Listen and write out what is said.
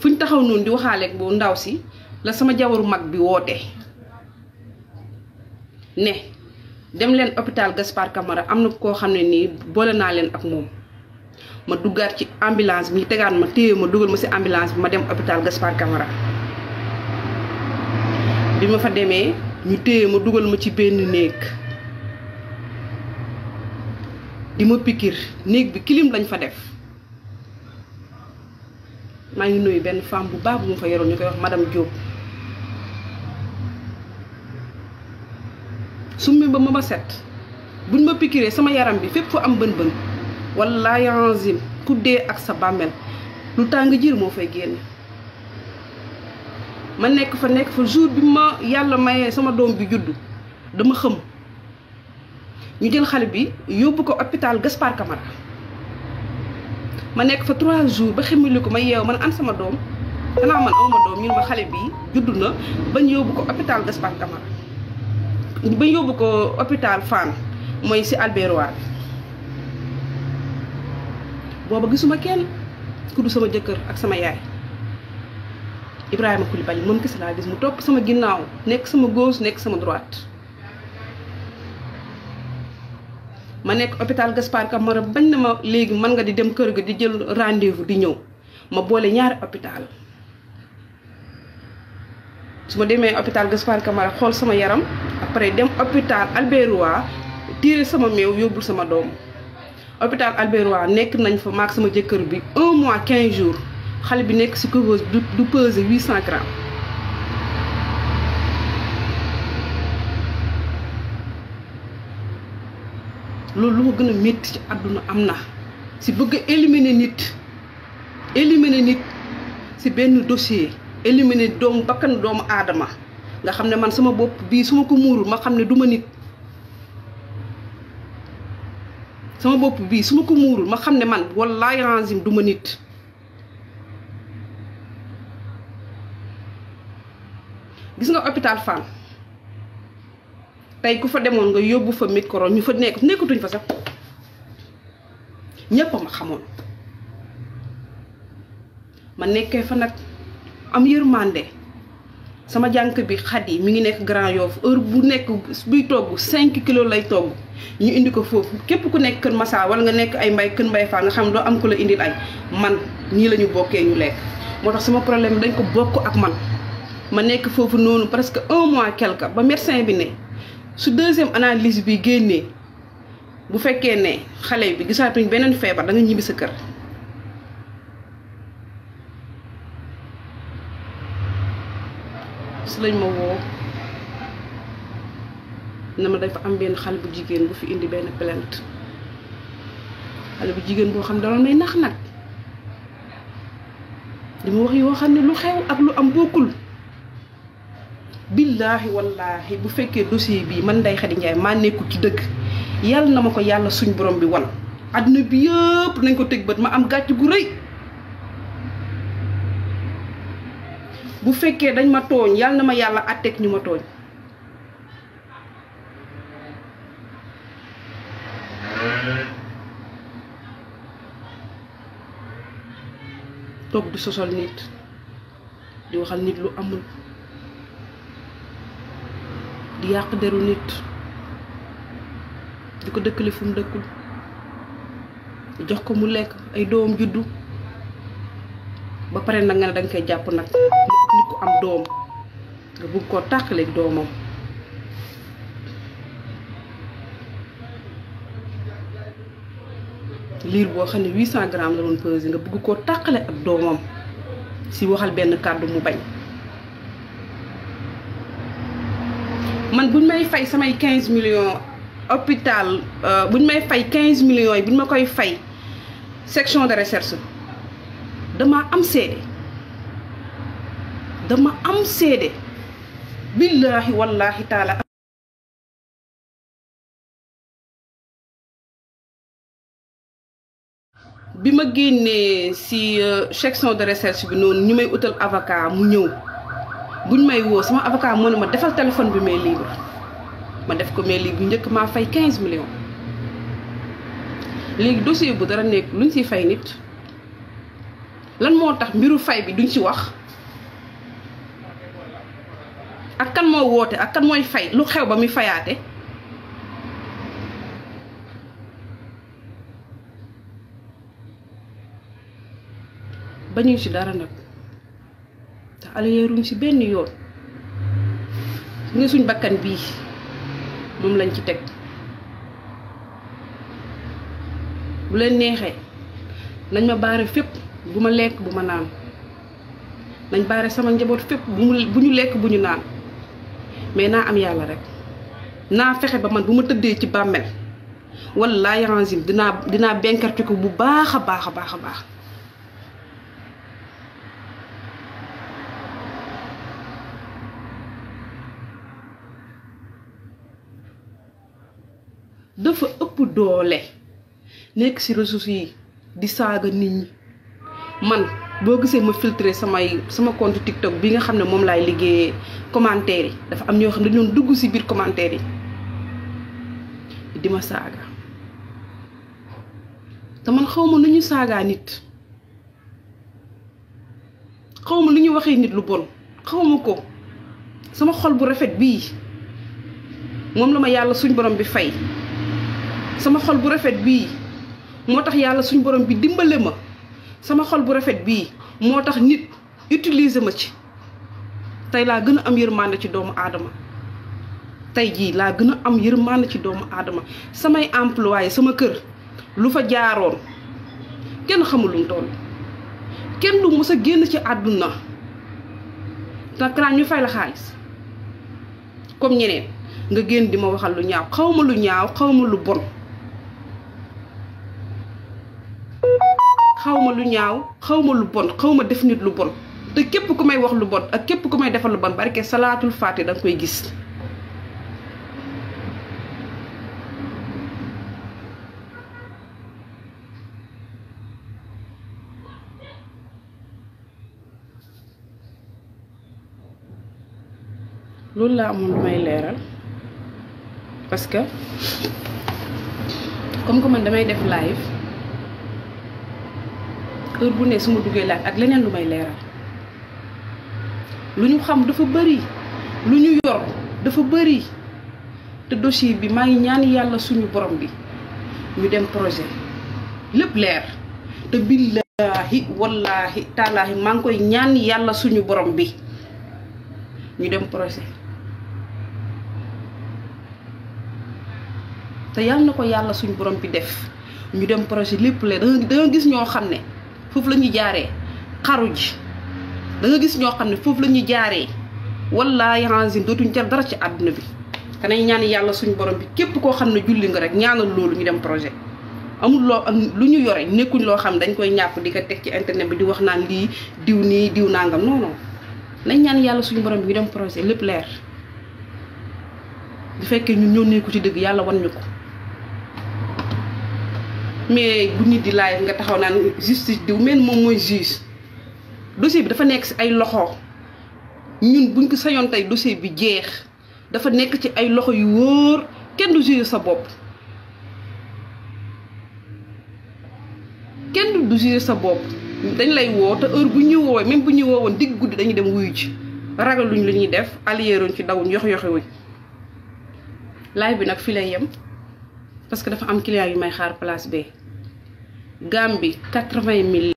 fuñ taxaw noonu di waxaaleeg bu ndaw si la sama jawaru mag bi woote ne dem leen hôpital Gaspard Camara am na koo xam ne nii boole naa leen ak moom ma duggaat ci ambulance bi ñu tegaat ma téye ma dugal ma si ambulance bi ma dem hôpital Gaspard Camara bi ma fa demee ñu téye ma dugal ma ci benn néeg di pikir néeg bi kilim lañ fa def maa ngi nuyu benn femme bu baax bu mu fa yoroon ñu koy wax madame Diop. summi ba ma ma set buñ ma pikiree sama yaram bi fépp fu am bën-bën wallaahi enzim ku dee ak sa bàmmeel lu tàng jir moo fay génn. ma nekk fa nekk fa jour bi ma yàlla mayee sama doom bi juddu dama xëm ñu jël xale bi yóbbu ko hôpital Gaspard Camara. ma nekk fa trois jours ba ko ma yeew man an sama doom xanaa man awma doom ñu ne xale bi juddu na bañ yóbbu ko hôpital Gaspard Camara bañ yóbbu ko hôpital Fann mooy si Albert Royer booba gisuma kenn ku du sama jëkkër ak sama yaay Ibrahima Coulibaly moom gis laa gis mu topp sama ginnaaw nekk sama gauche nekk sama droite ma nekk hôpital Gaspard Camara bañ na ma léegi mën nga di dem kër ga di jël rendez-vous di ñëw ma boole ñaari hôpital su ma demee hôpital Gaspard Camara xool sama yaram après dem hôpital Albert Royer tiire sama meew yóbbul sama doom hôpital Albert Royer nekk nañ fa maak sama jëkkër bi un mois quinze jours xale bi nekk si couveuse du pesé huit cent grammes loolu lu ma gën a métti ci àdduna am na si bëgg a nit éliminer nit si benn dossier éliminer doomu bakkan doomu aadama nga xam ne man sama bopp bii su ma ko muurul ma xam ne du ma nit sama bopp bii su ko muurul ma xam ne man wallaay rangim du ma nit gis nga hôpital Fann tey ku fa demoon nga yóbbu fa micro ñu fa nekk nekkatuñ fa sax ñëpp ma xamoon ma nekkee fa nag am yërmande sama jànk bi xat yi mi ngi nekk Grand Yoff heure bu nekk buy togg 5 kilos lay togg ñu indi ko foofu képp ku nekk Kër Massa wala nga nekk ay mbay Kër Mbay faa nga xam doo am ku la indil ay man ñii la ñu bokkee ñu lekk moo tax sama problème dañ ko bokk ak man ma nekk foofu noonu presque un mois quelque ba médecin bi ne su deuxième analyse bi génnee bu fekkee ne xale bi gisaatuñ beneen feebar da nga ñibbi sa kër su lañ ma woo na ma dafa am benn xale bu jigéen bu fi indi benn plainte xale bu jigéen boo xam ne daloon may nax nag li mu wax yoo xam ne lu xew ak lu am bokkul billaahi wallaahi bu fekkee dossier bii man Ndeye Khady Ndiaye maa nekkul ci dëkk yàlla na ma ko yàlla suñ borom bi wan àdduna bi yëpp nañ ko teg bët ma am gàcc gu rëy bu fekkee dañ ma tooñ yàlla na ma yàlla àtteeg ñu ma tooñ toog di sosol nit di waxal nit lu amul yàq deru nit di ko dëkkale fu mu dëkkul jox ko mu lekk ay doom juddu ba pare nag nga ne danga koy jàpp nag nit ku am doom nga bugg koo tàqaleeg doomam liir boo xam ne 800 grammes la doon pesé nga bugg koo tàqale ak doomam si waxal benn kàddu mu bañ man buñ may fay samay 15 millions hôpital euh, buñ may fay 15 millions yi buñ ma koy fay section de recherche dama am seede dama am seede billaahi wallaahi taala bi ma génnee ci euh, section de recherche bi noonu ñu may utal avocat mu ñëw buñ may woo sama avocat moo ne ma defal téléphone bi mais libre ma def ko mais libre bu njëkk maa fay 15 millions léegi dossier bu dara nekk lu ñu ci fay nit lan moo tax mbiru fay bi duñ ci wax ak kan moo woote ak kan mooy fay lu xew ba muy fayaate bañuñ ci dara nag alléeruñ si benn yoon nga suñ bakkan bii moom lañ ci teg bu leen neexee nañ ma baare fépp bu ma lekk bu ma naan nañ baare sama njaboot fépp bu ñu lekk bu ñu naan mais naa am yàlla rek naa fexe ba man bu ma tëddee ci bàmmel wallaahi rangim dinaa dinaa benkarti ko bu baax a baax a baax a baax dafa ëpp doole nekk ci ressources yi di saaga nit man boo gisee ma filtré samay sama compte TikTok bi nga xam ne moom laay liggéeyee commentaire yi dafa am ñoo xam ne dañoon dugg ci biir commentaire yi di ma saaga te man xaw ma nu ñuy saagaa nit xaw ma lu ñuy waxee nit lu bon xaw ma ko sama xol bu rafet bii moom la ma yàlla suñ borom bi fay sama xol bu rafet bii moo tax yàlla suñu borom bi dimbale ma sama xol bu rafet bii moo tax nit utilise ma ci tey laa gën a am yërmande ci doomu aadama tey jii laa gën a am yërmande ci doomu aadama samay employé sama kër lu fa jaaroon kenn xamul lu mu toll kenn lu mës a génn ci àdduna te kanaan ñu fay la xaalis comme ñeneen nga génn di ma waxal lu ñaaw xaw ma lu ñaaw xaw ma lu bon xawma lu ñaaw xawma lu bon xawma def nit lu bon te képp ku may wax lu bon ak képp ku may defal lu bon barke salaatul faati da nga koy gis loolu laa amoon lu may leeral parce que comme que man damay def live heure bu ne suma ma duggee laaj ak leneen lu may leeral lu ñu xam dafa bari lu ñu yor dafa bari te dossier bi maa ngi ñaan yàlla suñu borom bi ñu dem projet lépp leer te billaahi wallaahi taalaahi maa ngi koy yàlla suñu borom bi ñu dem projet te yàlla na ko yàlla suñu borom bi def ñu dem projet lépp leer da nga gis ñoo xam ne foofu la ñuy jaaree xaru ji da gis ñoo xam ne foofu la ñuy jaaree wallaahi rangine dootuñ jar dara ci àdduna bi danañ ñaan yàlla suñu borom bi képp koo xam ne julli nga rek ñaanal loolu ñu dem projet amul loo am lu ñu yore nekkuñ loo xam dañ koy ñàkku di ko teg ci internet bi di wax naan lii diw nii diw naangam non nañ ñaan yàlla suñu borom bi ñu dem projet lépp leer bu fekkee ñun ñoo nekku ci dëgg yàlla wan ñu ko mais bu nit di live nga taxaw naan justice diw mel moom mooy juge dossier bi dafa nekk ci ay loxo ñun buñ ko sayoon tey dossier bi jeex dafa nekk ci ay loxo yu wóor kenn du juge sa bopp kenn du juge sa bopp dañ lay woo te heure bu ñu woowee même bu ñu woowoon digg guddi dañuy dem wuyu ci ragaluñ lu ñuy def alliéeruñ ci dawuñ yox wuñ live bi nag fi lay yem parce que dafa am client yu may xaar place bi Gambie quatre-vingt mille